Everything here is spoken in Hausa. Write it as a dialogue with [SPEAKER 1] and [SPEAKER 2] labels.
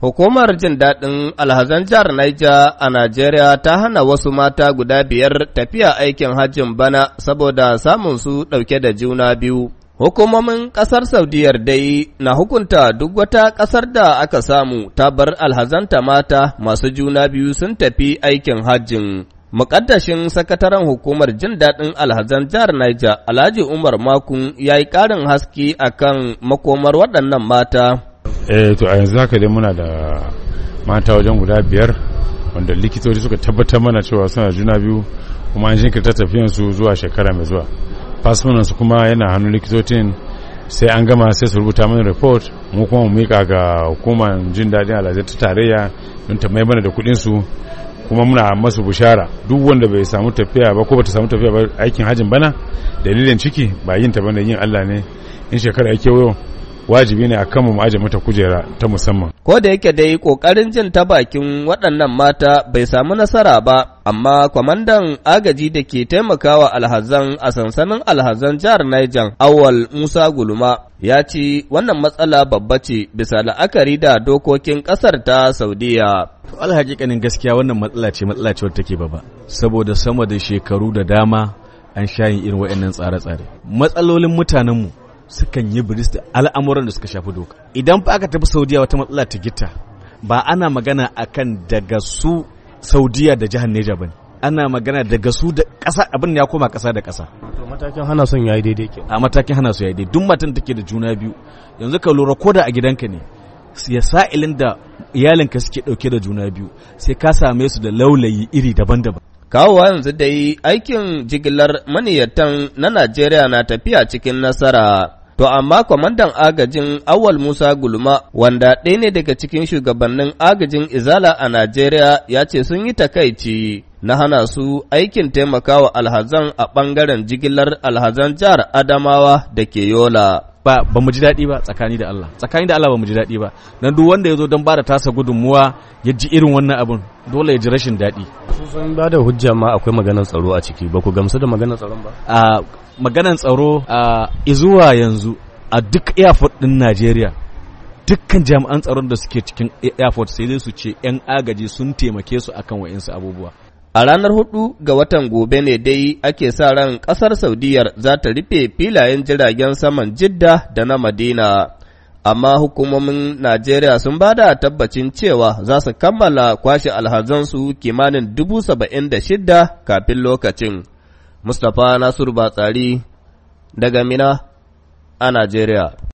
[SPEAKER 1] Hukumar jin daɗin alhazan jihar Naija a Najeriya ta hana wasu mata guda biyar tafiya aikin hajjin bana saboda samun su ɗauke da juna biyu. Hukumomin ƙasar Saudiyar dai na hukunta duk wata ƙasar da aka samu ta bar alhazanta mata masu juna biyu sun tafi aikin hajjin. Muƙaddashin sakataren hukumar jin daɗin alhazan jihar Naija Alhaji Umar Makun ya yi ƙarin haske akan makomar waɗannan mata.
[SPEAKER 2] eh to a yanzu haka dai muna da mata wajen guda biyar wanda likitoci suka tabbatar mana cewa suna juna biyu kuma an jinkirta tafiyan su zuwa shekara mai zuwa fasfunan su kuma yana hannun likitocin sai an gama sai su rubuta mana report mu kuma mu mika ga hukumar jin daɗin alhazai ta tarayya don ta mai mana da kuɗin su kuma muna masu bushara duk wanda bai samu tafiya ba ko bata samu tafiya ba aikin hajin bana dalilin ciki ba yin ta bane yin Allah ne in shekara yake wayo wajibi ne a kanmu mu aje mata kujera ta musamman. Ko da yake
[SPEAKER 1] dai kokarin jin ta bakin waɗannan mata bai samu nasara ba, amma kwamandan agaji da ke taimakawa alhazan a sansanin alhazan jihar Niger, Awal Musa Guluma, ya ce wannan matsala babba ce bisa la'akari da
[SPEAKER 3] dokokin ƙasar ta Saudiya. Alhaƙiƙanin gaskiya wannan matsala ce matsala ce wadda take baba. saboda sama da shekaru da dama an sha yin irin waɗannan tsare-tsare. Matsalolin mutanenmu sukan yi biris da al'amuran da suka shafi doka idan fa aka tafi saudiya wata matsala ta gita ba ana magana akan daga su saudiya da jihar neja ba ana magana daga su da kasa abin ya koma ƙasa da ƙasa matakin hana son yayi daidai ke a matakin hana su yayi daidai duk matan take da juna biyu yanzu ka lura ko da a gidanka ne ya sa'ilin da iyalinka suke ɗauke da juna biyu sai ka same su da laulayi iri daban-daban
[SPEAKER 1] kawowa yanzu da yi aikin jigilar maniyatan na Najeriya na tafiya cikin nasara To amma kwamandan agajin Awal Musa Gulma wanda ɗaya ne daga cikin shugabannin agajin Izala a Najeriya ya ce sun yi takaici na hana su aikin taimakawa alhazan a bangaren jigilar alhazan jihar Adamawa
[SPEAKER 3] da ke Yola. ba ba mu ji daɗi ba tsakani da Allah tsakani da Allah ba mu ji daɗi ba Nan duk wanda ya zo don ba da tasa gudunmuwa ya ji irin wannan abun dole ya ji rashin daɗi sun ba da hujja ma akwai maganar tsaro a ciki ba ku gamsu da maganar tsaron ba a maganar tsaro a izuwa yanzu a duk airport din Najeriya dukkan jami'an tsaron da suke cikin airport sai dai su ce 'yan agaji sun taimake su akan wa'insu abubuwa A ranar
[SPEAKER 1] hudu ga watan gobe ne dai ake sa ran ƙasar Saudiyar za ta rufe filayen jiragen saman Jidda da na Madina. amma hukumomin Najeriya sun ba da tabbacin cewa za su kammala kwashe alhazansu kimanin dubu saba'in da shidda kafin lokacin. Mustapha Nasiru Batsari daga Mina a Najeriya.